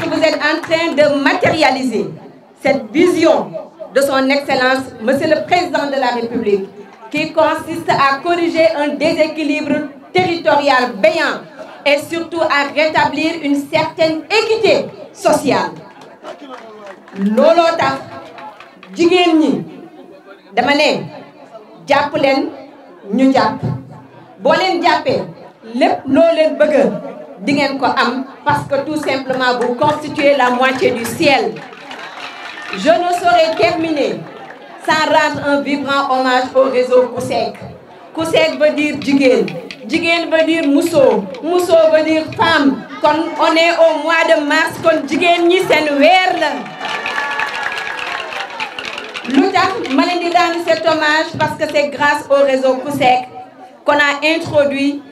que vous êtes en train de matérialiser cette vision de son Excellence, Monsieur le Président de la République, qui consiste à corriger un déséquilibre territorial béant et surtout à rétablir une certaine équité sociale. Lolo parce que tout simplement vous constituez la moitié du ciel je ne saurais terminer sans rendre un vibrant hommage au réseau Kussek. Kussek veut dire djigel djigel veut dire mousseau mousseau veut dire femme Quand on est au mois de mars quand jigéen ñi s'en weer la lu cet hommage parce que c'est grâce au réseau Kussek qu'on a introduit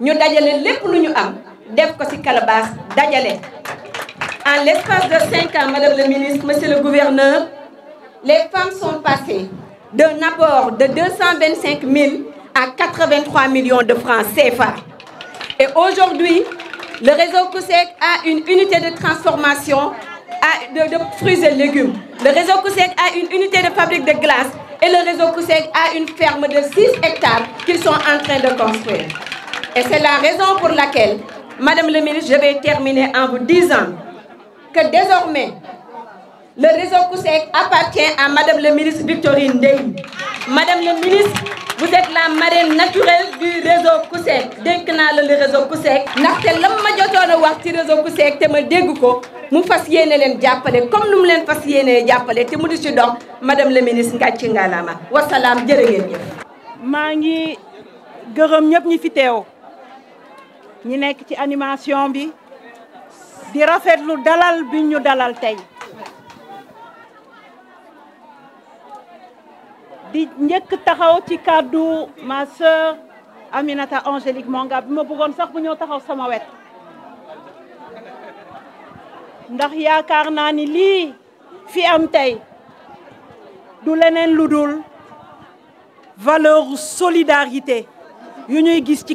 nous les Nous am def en l'espace de 5 ans madame la ministre monsieur le gouverneur les femmes sont passées d'un apport de 225 000 à 83 millions de francs CFA. et aujourd'hui le réseau COUSEC a une unité de transformation de, fruits et légumes le réseau COUSEC a une unité de fabrique de glace et le réseau COUSEC a une ferme de 6 hectares qu'ils sont en train de construire c'est la raison pour laquelle, Madame le ministre, je vais terminer en vous disant que désormais, le réseau Coussec appartient à Madame le ministre Victorine Dey. Madame le ministre, vous êtes la marraine naturelle du réseau Dès que naa le réseau Koussek. je la ma jotoon réseau Koussek te ma dégg ko mu fas yéene comme nous, mu leen fas yéene jàppale te le di Madame le ministre je vous wasalaam jërë ngeen jëf. ngi ñi fi ñi nekk ci animation bi di rafetlu dalal bi ñu dalal tey di njëkk taxaw ci kàddu ma sœur Aminata Angélique monga bi ma bëggoon sax bu ñëw taxaw sama wet ndax yaakaar naa ni fi am tey du leneen lu valeur solidarité yu ñuy gis ci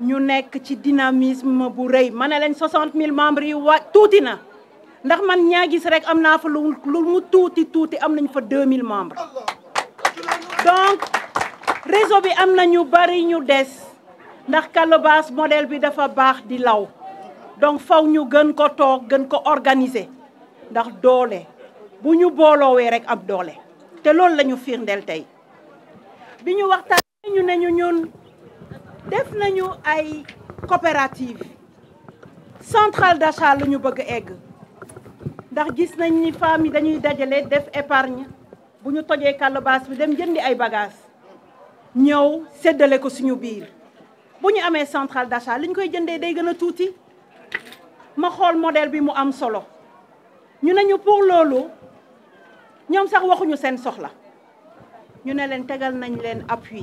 ñu nekk ci dynamisme bu reuy ma ne 60 000 membres yu wa na ndax man ña gis rek amna fa lu lu mu touti touti am fa 2000 membres donc réseau bi amna ñu bari ñu des ndax Calobas model bi dafa bax di law donc faw ñu gën ko tok gën ko organiser ndax doole bu ñu wé rek ab doole té lool lañu firndel tay biñu waxtaan ñu ñun def nañu ay coopérative centrale d'achat la bëgg egg ndax gis nañ ni femmes yi dañuy dajale def épargne bu ñu tojee calebasse bi dem jëndi ay bagages ñëw séddale ko suñu biir bu ñu amee centrale d'achat liñ koy jëndee day gën a tuuti ma xool modèle bi mu am solo ñu ne ñu pour loolu ñoom sax waxuñu seen soxla ñu ne leen tegal nañ leen appui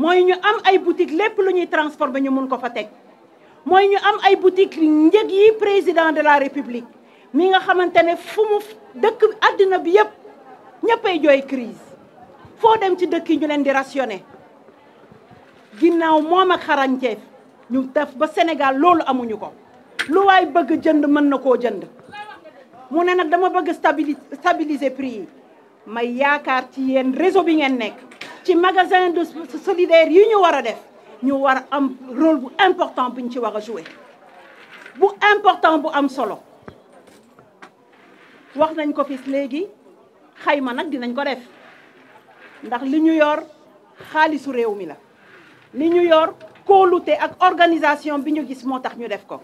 moy ñu am ay boutique lepp lu ñuy transformer ñu mën ko fa tek moy ñu am ay boutique ñeeg yi président de la république mi nga xamantene ne fu mu dekk aduna bi yëpp ñeppay joy crise fo dem ci dekk yi ñu leen di rationné ginnaw mom ak xarañteef ñu taf ba Sénégal loolu amuñu ko lu way bëgg jënd mën na jënd mu ne nak dama bëgg stabiliser prix may yaakar ci yeen réseau bi ngeen nekk ci magasin de solidaire yi ñu war a def ñu war am rôle bu important bu ñu ci war a jouer bu important bu am solo wax nañ ko fi léegi xayma nag dinañ ko def ndax li ñu yor xaalisu réew mi la li ñu yor kóolute ak organisation bi ñu gis moo tax ñu def ko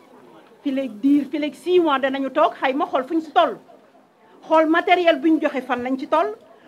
fileeg diir fileeg six mois danañu toog xayma xool fu ñu si toll xool matériel bi ñu joxe fan lañ ci toll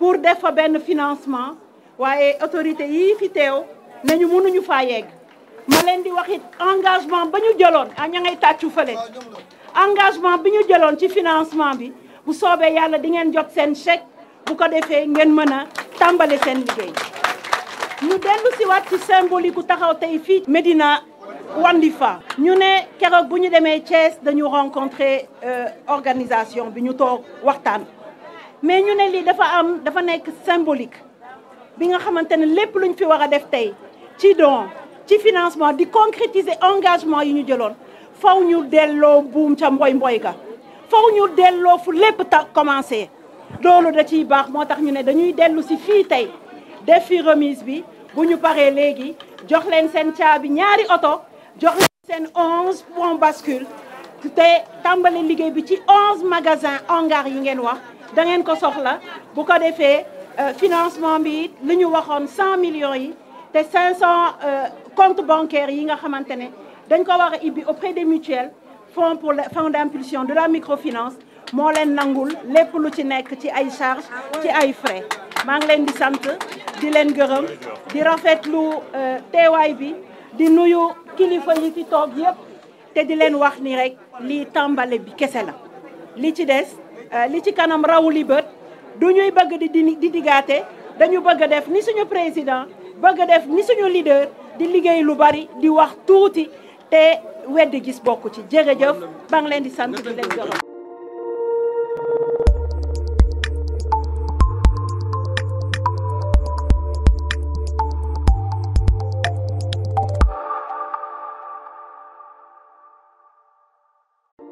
pour défa ben financement waaye autorité yi fi teew nañu mënuñu faa yegg ma leen di waxit engagement bañu ñu jëloon ah ña ngay tàccu fële engagement biñu ñu ci financement bi bu soobee yalla di ngeen jot sen chèque bu ko défé ngeen mëna tambalé sen liggéey ñu dellu ci wat ci symbolique ku taxaw tay fi Médina Wandifa ñu né kérok bu ñu demee Thiès dañu rencontrer euh, organisation bi ñu toog waxtaan mais ñu né li dafa am dafa nek symbolique bi nga xamantene lepp luñ fi wara def tay ci don ci financement di concrétiser engagement yi ñu jëlone faw ñu dello buum ca mboy mboy ga faw ñu dello fu lepp ta commencer loolu da ci bax motax ñu né dañuy dellu ci fi tay def fi remise bi bu ñu paree léegi jox leen seen caabi ñaari auto jox leen seen onze point bascule te tàmbali liggéey bi ci 11 magasin hangar yi ngeen wax da ngeen ko soxla bu ko defee euh, financement bi li ñu waxoon 100 millions yi te 500 euh, compte bancaire yi nga xamante ne dañ ko war a ibbi auprès des mutuelles fonds pour le fonds d'impulsion de la microfinance moo leen nangul lépp lu ci nekk ci ay charges ci ay frais maa ngi leen di sant di leen gërëm di rafetlu euh, teewaay bi di nuyu kilifa yi ci toog yépp te di leen wax ni rek lii tàmbale bi kese la li ci des Euh, li ci kanam rawu li bët du ñuy bëgg di di digaate dañu bëgg def ni suñu président bëgg a def ni suñu leader di liggéey lu bari di wax tuuti te wedd gis bokk ci jërëjëf ba ngi leen di sant di leen gërëm